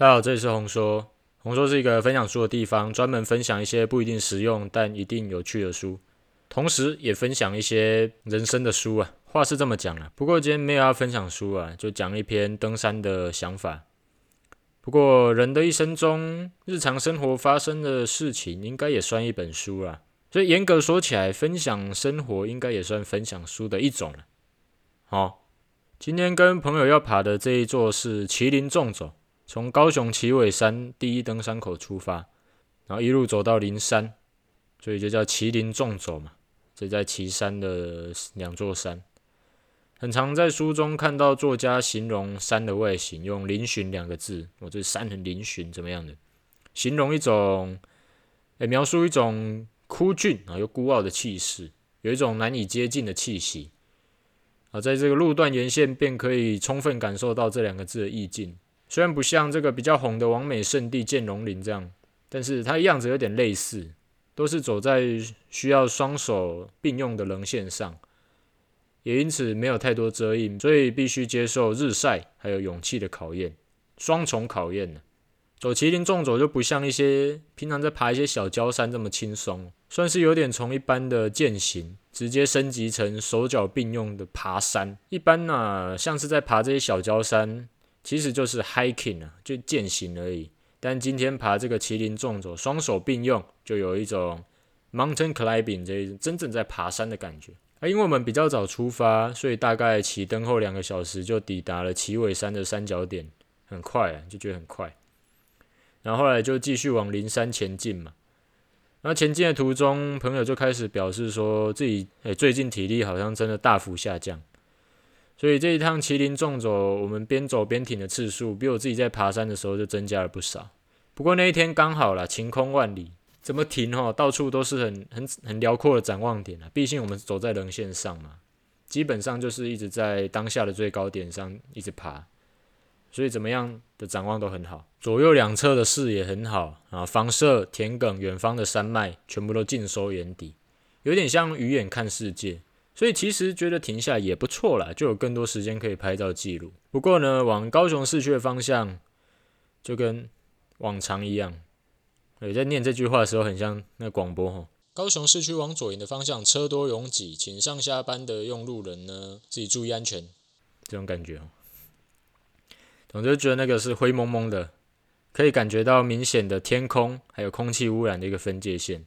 大家好，這裡是紅說。紅說是一個分享書的地方，專門分享一些不一定實用但一定有趣的書，同時也分享一些人生的書啊。話是這麼講了、啊，不過今天沒有要分享書啊，就講一篇登山的想法。不過人的一生中，日常生活發生的事情應該也算一本書啊，所以嚴格說起來，分享生活應該也算分享書的一種了、啊。好、哦，今天跟朋友要爬的這一座是旗靈縱走。從高雄旗尾山第一登山口出發，然後一路走到靈山，所以就叫旗靈縱走嘛。這在旗山的兩座山，很常在書中看到作家形容山的外形，用嶙峋兩個字。我這山很嶙峋，怎麼樣的？形容一種，欸、描述一種枯峻、啊、又孤傲的氣勢，有一種難以接近的氣息。啊，在這個路段沿線便可以充分感受到這兩個字的意境。雖然不像這個比較紅的網美聖地劍龍稜這樣，但是它樣子有點類似，都是走在需要雙手並用的稜線上，也因此沒有太多遮蔭，所以必須接受日曬還有勇氣的考驗，雙重考驗呢。走旗靈縱走就不像一些平常在爬一些小郊山這麼輕鬆，算是有點從一般的健行直接升級成手腳並用的爬山。一般呢、啊，像是在爬這些小郊山，其實就是 hiking 啊，就健行而已。但今天爬這個旗靈縱走，雙手並用，就有一種 mountain climbing 這真正在爬山的感覺。啊，因為我們比較早出發，所以大概起登後兩個小時就抵達了旗尾山的三角點，很快啊，就覺得很快。然後後來就繼續往靈山前進嘛。然後前進的途中，朋友就開始表示說自己，哎、欸，最近體力好像真的大幅下降。所以這一趟旗靈縱走，我們邊走邊停的次數，比我自己在爬山的時候就增加了不少。不過那一天剛好啦，晴空萬里，怎麼停吼？哦，到處都是很很很遼闊的展望點啊！畢竟我們走在稜線上嘛，基本上就是一直在當下的最高點上一直爬，所以怎麼樣的展望都很好，左右兩側的視野很好啊，房舍、田埂、遠方的山脈，全部都盡收眼底，有點像魚眼看世界。所以其實覺得停下也不錯啦，就有更多時間可以拍照記錄。不過呢，往高雄市區的方向，就跟往常一樣。哎，在念這句話的時候，很像那廣播齁高雄市區往左營的方向車多擁擠，請上下班的用路人呢自己注意安全。這種感覺哦，總之覺得那個是灰蒙蒙的，可以感覺到明顯的天空還有空氣汙染的一個分界線。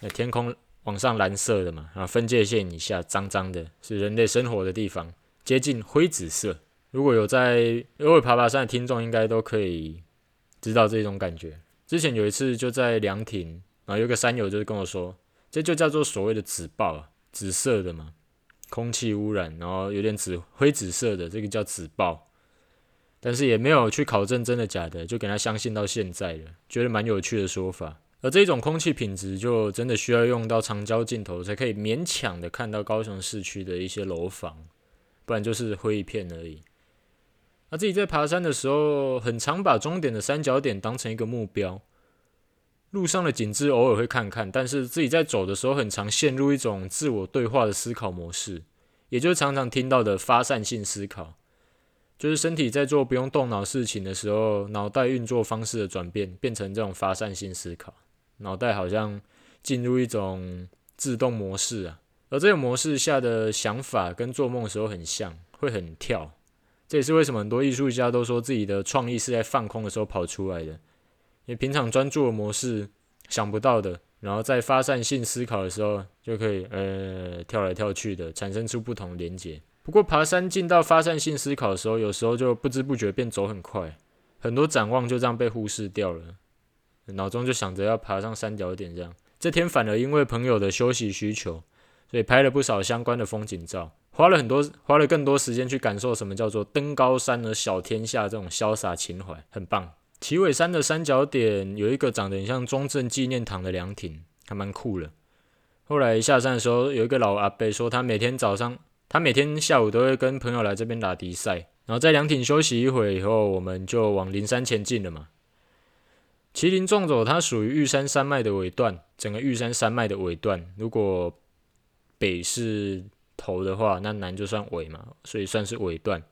那天空。往上藍色的嘛，然後分界線以下髒髒的，是人類生活的地方，接近灰紫色。如果有在，如果爬爬山的聽眾應該都可以知道這種感覺。之前有一次就在涼亭，然後有個山友就是跟我說，這就叫做所謂的紫爆啊，紫色的嘛，空氣污染，然後有點紫灰紫色的，這個叫紫爆。但是也沒有去考證真的假的，就給他相信到現在了，覺得蠻有趣的說法。而這種空氣品質就真的需要用到長焦鏡頭才可以勉強的看到高雄市區的一些樓房，不然就是灰一片而已。啊，自己在爬山的時候，很常把終點的三角點當成一個目標，路上的景致偶爾會看看，但是自己在走的時候，很常陷入一種自我對話的思考模式，也就是常常聽到的發散性思考，就是身體在做不用動腦事情的時候，腦袋運作方式的轉變，變成這種發散性思考。腦袋好像進入一種自動模式啊，而這個模式下的想法跟做夢的時候很像，會很跳。這也是為什麼很多藝術家都說自己的創意是在放空的時候跑出來的，因為平常專注的模式想不到的，然後在發散性思考的時候就可以呃跳來跳去的，產生出不同的連接。不過爬山進到發散性思考的時候，有時候就不知不覺變走很快，很多展望就這樣被忽視掉了。腦中就想着要爬上三角點這樣，這天反而因為朋友的休息需求，所以拍了不少相關的風景照，花了很多，花了更多時間去感受什麼叫做登高山而小天下這種瀟灑情懷，很棒。旗尾山的三角點有一個長得很像中正紀念堂的涼亭，還蠻酷的。後來下山的時候，有一個老阿伯說，他每天早上，他每天下午都會跟朋友來這邊打敵賽，然後在涼亭休息一會以後，我們就往靈山前進了嘛。旗靈縱走，它屬於玉山山脈的尾段。整個玉山山脈的尾段，如果北是頭的話，那南就算尾嘛，所以算是尾段。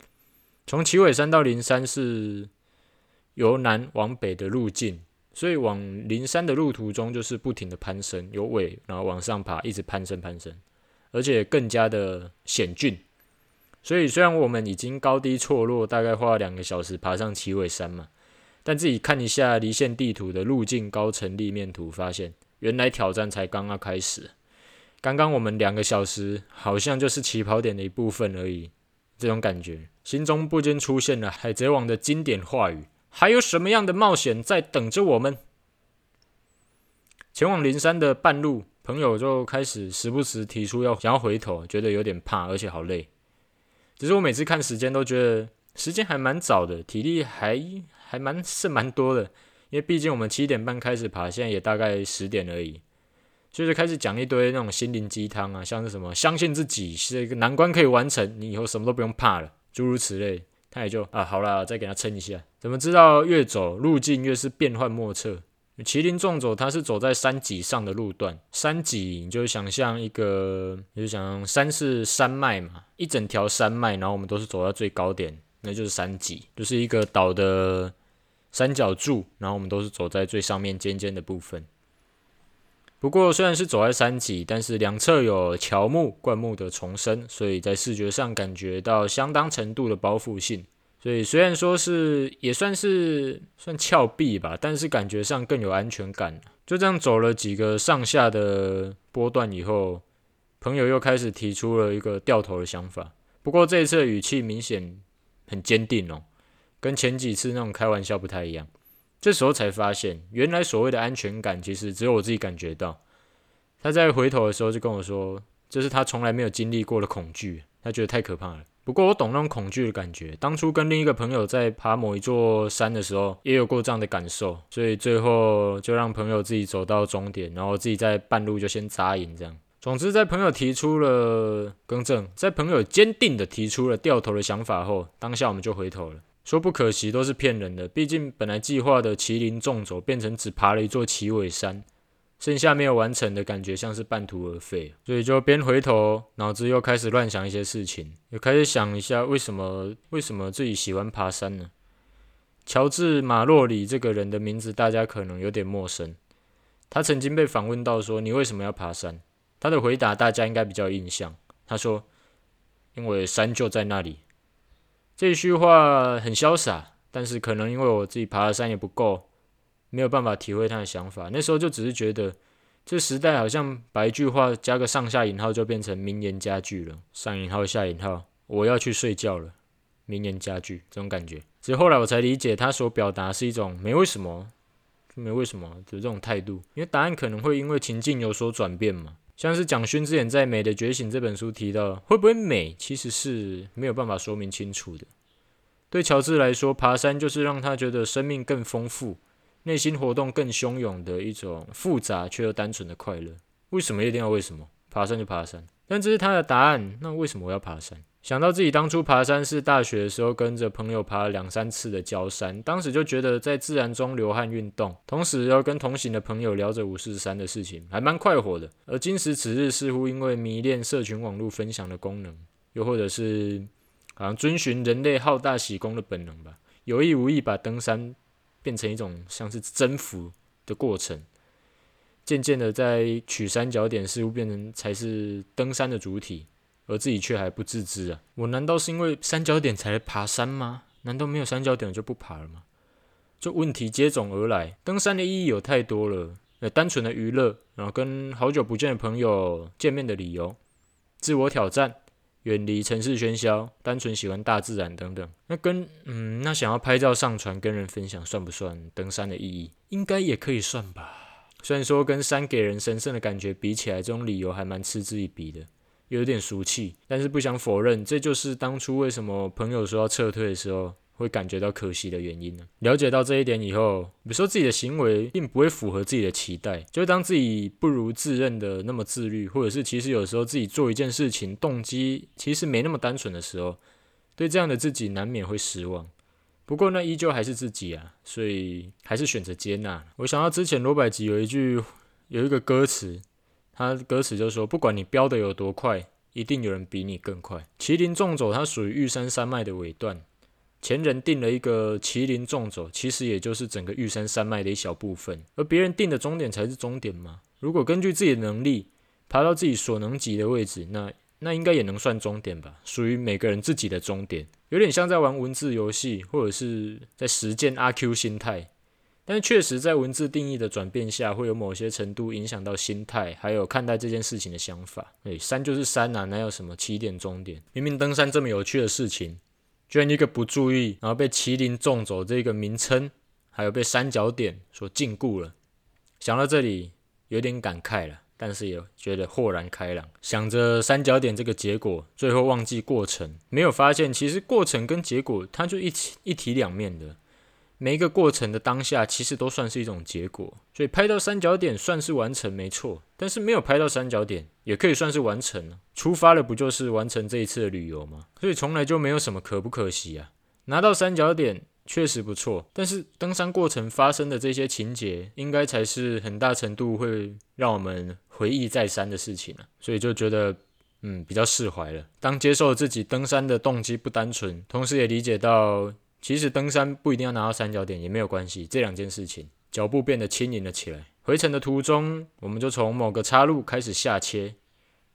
從旗尾山到靈山是由南往北的路徑，所以往靈山的路途中就是不停的攀升，由尾然後往上爬，一直攀升攀升，而且更加的險峻。所以雖然我們已經高低錯落，大概花了兩個小時爬上旗尾山嘛。但自己看一下離線地圖的路徑高程立面圖，發現原來挑戰才剛剛開始。剛剛我們兩個小時，好像就是起跑點的一部分而已。這種感覺，心中不禁出現了《海賊王》的經典話語：“還有什麼樣的冒險在等着我們？”前往靈山的半路，朋友就開始時不時提出要想要回頭，覺得有點怕，而且好累。只是我每次看時間都覺得。時間還蠻早的，體力還還蠻是蠻多的，因為畢竟我們七點半開始爬，現在也大概十點而已，所以就開始講一堆那種心靈雞湯啊，像是什麼相信自己是一個難關可以完成，你以後什麼都不用怕了，諸如此類。他也就啊，好啦，再給他撐一下。怎麼知道越走路徑越是變幻莫測？旗靈縱走，它是走在山脊上的路段，山脊你就想象一個，你就想像山是山脈嘛，一整條山脈，然後我們都是走到最高點。那就是山脊，就是一個倒的三角柱，然後我們都是走在最上面尖尖的部分。不過，雖然是走在山脊，但是兩側有喬木、灌木的叢生，所以在視覺上感覺到相當程度的包覆性。所以，雖然說是也算是算峭壁吧，但是感覺上更有安全感。就這樣走了幾個上下的波段以後，朋友又開始提出了一個掉頭的想法。不過這一次的語氣明顯。很堅定哦，跟前幾次那種開玩笑不太一樣。這時候才發現，原來所謂的安全感，其實只有我自己感覺到。他在回頭的時候就跟我說，這是他從來沒有經歷過的恐懼，他覺得太可怕了。不過我懂那種恐懼的感覺，當初跟另一個朋友在爬某一座山的時候，也有過這樣的感受，所以最後就讓朋友自己走到終點，然後自己在半路就先紮營這樣。總之，在朋友提出了更正，在朋友堅定的提出了掉頭的想法後，當下我們就回頭了。說不可惜都是騙人的，畢竟本來計劃的旗靈縱走變成只爬了一座旗尾山，剩下沒有完成的感覺像是半途而廢，所以就邊回頭，腦子又開始亂想一些事情，也開始想一下為什麼為什麼自己喜歡爬山呢？喬治馬洛里這個人的名字大家可能有點陌生，他曾經被訪問到說：“你為什麼要爬山？”他的回答大家應該比較印象。他說：“因為山就在那裡。”這一句話很瀟灑，但是可能因為我自己爬的山也不夠，沒有辦法體會他的想法。那時候就只是覺得，這時代好像把一句話加個上下引號就變成名言佳句了。上引號下引號，我要去睡覺了。名言佳句這種感覺，只是後來我才理解他所表達是一種沒為什麼，就沒為什麼的這種態度，因為答案可能會因為情境有所轉變嘛。像是蔣勳之前在《美的覺醒》這本書提到，會不會美其實是沒有辦法說明清楚的。對喬治來說，爬山就是讓他覺得生命更豐富、內心活動更洶湧的一種複雜卻又單純的快樂。為什麼一定要為什麼？爬山就爬山。但這是他的答案。那為什麼我要爬山？想到自己當初爬山是大學的時候，跟着朋友爬了兩三次的郊山，當時就覺得在自然中流汗運動，同時又跟同行的朋友聊着五四三的事情，還蠻快活的。而今時此日，似乎因為迷戀社群網絡分享的功能，又或者是好像遵循人類好大喜功的本能吧，有意無意把登山變成一種像是征服的過程，漸漸的在取三角點，似乎變成才是登山的主體。而自己卻還不自知啊！我難道是因為三角點才來爬山嗎？難道沒有三角點就不爬了嗎？這問題接踵而來。登山的意義有太多了，那、呃、單純的娛樂，然後跟好久不見的朋友見面的理由，自我挑戰，遠離城市喧囂，單純喜歡大自然等等。那跟嗯，那想要拍照上傳跟人分享算不算登山的意義？應該也可以算吧。雖然說跟山給人神聖的感覺比起來，這種理由還蠻嗤之以鼻的。有點俗氣，但是不想否認，這就是當初為什麼朋友說要撤退的時候會感覺到可惜的原因了啊。了解到這一點以後，比如說自己的行為並不會符合自己的期待，就當自己不如自認的那麼自律，或者是其實有時候自己做一件事情動機其實沒那麼單純的時候，對這樣的自己難免會失望。不過那依舊還是自己啊，所以還是選擇接納。我想到之前羅百吉有一句有一個歌詞。他歌詞就是說：不管你飆得有多快，一定有人比你更快。旗靈縱走它屬於玉山山脈的尾段，前人定了一個旗靈縱走，其實也就是整個玉山山脈的一小部分。而別人定的終點才是終點嘛？如果根據自己的能力，爬到自己所能及的位置，那那應該也能算終點吧？屬於每個人自己的終點，有點像在玩文字遊戲，或者是在實踐阿 Q 心態。但是確實，在文字定義的轉變下，會有某些程度影響到心態，還有看待這件事情的想法。誒、哎、山就是山啊，哪有什麼起點終點？明明登山這麼有趣的事情，居然一個不注意，然後被旗靈縱走這個名稱，還有被三角點所禁錮了。想到這裡，有點感慨了，但是也覺得豁然開朗。想着三角點這個結果，最後忘記過程，沒有發現其實過程跟結果，它就一起一體兩面的。每一個過程的當下，其實都算是一種結果。所以拍到三角點算是完成，沒錯。但是沒有拍到三角點，也可以算是完成了。出發了不就是完成這一次的旅遊嗎？所以從來就沒有什麼可不可惜啊。拿到三角點確實不錯，但是登山過程發生的這些情節，應該才是很大程度會讓我們回憶再三的事情啊。所以就覺得，嗯，比較釋懷了。當接受自己登山的動機不單純，同時也理解到。其實登山不一定要拿到三角點也沒有關係，這兩件事情，腳步變得輕盈了起來。回程的途中，我們就從某個岔路開始下切，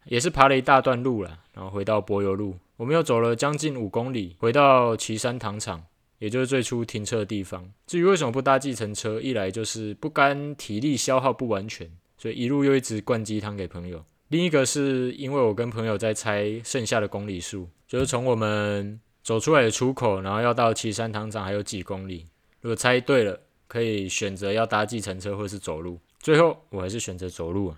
也是爬了一大段路了。然後回到柏油路，我們又走了將近五公里，回到旗山糖廠，也就是最初停車的地方。至於為什麼不搭計程車，一來就是不甘體力消耗不完全，所以一路又一直灌雞湯給朋友；另一個是因為我跟朋友在猜剩下的公里數，就是從我們。走出來的出口，然後要到旗山糖廠還有幾公里。如果猜對了，可以選擇要搭計程車或是走路。最後，我還是選擇走路啊。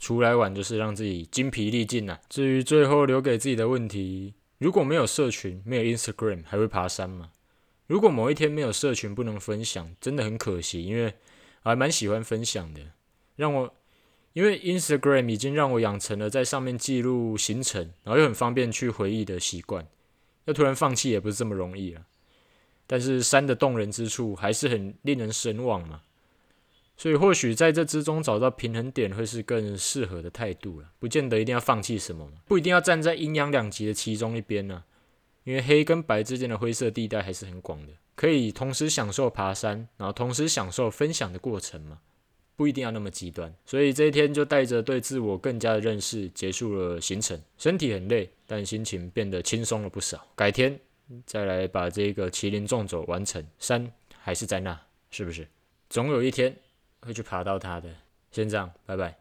出來玩就是讓自己筋疲力盡吶、啊。至於最後留給自己的問題，如果沒有社群，沒有 Instagram，還會爬山嗎？如果某一天沒有社群，不能分享，真的很可惜，因為還蠻喜歡分享的。讓我，因為 Instagram 已經讓我養成了在上面記錄行程，然後又很方便去回憶的習慣。要突然放棄也不是這麼容易了，但是山的動人之處還是很令人神往嘛。所以或許在這之中找到平衡點會是更適合的態度了，不見得一定要放棄什麼，不一定要站在陰陽兩極的其中一邊呢。因為黑跟白之間的灰色地帶還是很廣的，可以同時享受爬山，然後同時享受分享的過程嘛，不一定要那麼極端。所以這一天就帶着對自我更加的認識結束了行程，身體很累。但心情變得輕鬆了不少，改天再來把這個旗靈縱走完成。山還是在那，是不是？總有一天會去爬到它的。先這樣，拜拜。